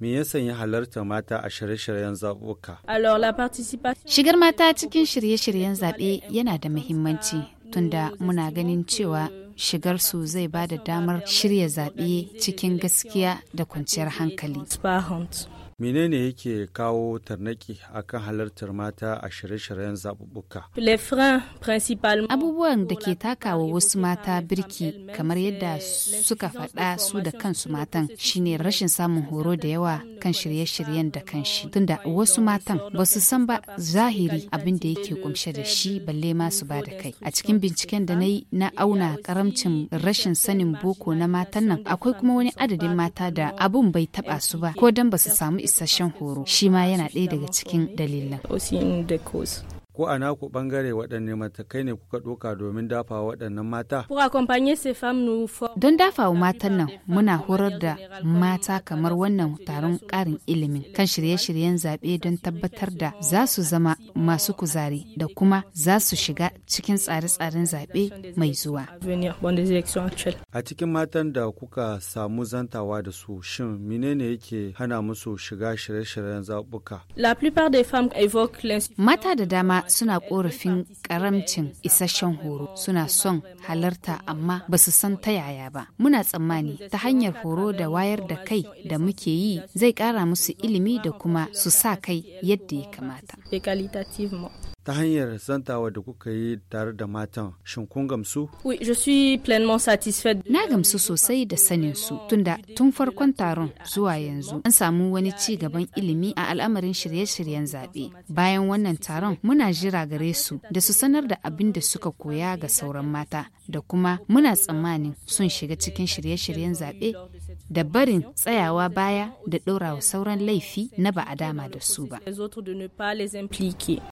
Me ya sanya halartar mata a shirye-shiryen zaɓuka. Shigar mata cikin shirye-shiryen zaɓe yana da muhimmanci tunda muna ganin cewa shigarsu zai ba da damar shirya zaɓe cikin gaskiya da kwanciyar hankali. menene yake kawo tarnaki akan halartar mata a shirye-shiryen zaɓuɓɓuka. Abubuwan da ke takawa wasu mata birki kamar yadda suka faɗa su da kansu matan shine rashin samun horo da yawa kan shirye-shiryen da kanshi. Tunda wasu matan ba su san ba zahiri abin da yake kumshe da shi balle ma su ba da kai. A cikin binciken da na yi na auna karamcin rashin sanin boko na matan nan akwai kuma wani adadin mata da abun bai taba su ba ko dan ba su samu isasshen horo shi ma yana ɗaya daga cikin dalilan. ko a naku bangare waɗanne matakai ne kuka ɗoka domin dafa waɗannan mata? Don dafa wa matan nan muna horar da mata kamar wannan taron ƙarin ilimin kan shirye-shiryen zaɓe don tabbatar da za su zama masu kuzari da kuma za su shiga cikin tsare-tsaren zaɓe mai zuwa. A cikin matan da kuka samu zantawa da su shin menene yake hana musu shiga shirye-shiryen zaɓuka? Mata da dama suna korafin karamcin isasshen horo suna son halarta amma ba su san ta yaya ba muna tsammani ta hanyar horo da wayar da kai da muke yi zai kara musu ilimi da kuma su sa kai yadda ya kamata ta hanyar santawa da kuka yi tare da matan shin kun gamsu? Na gamsu sosai da sanin su tunda tun farkon taron zuwa yanzu an samu wani ci gaban ilimi a al'amarin shirye-shiryen zaɓe. Bayan wannan taron muna jira gare su da su sanar da abin da suka koya ga sauran mata da kuma muna tsammanin sun shiga cikin shirye-shiryen zaɓe da barin tsayawa baya da ɗorawa sauran laifi na ba a dama da su ba.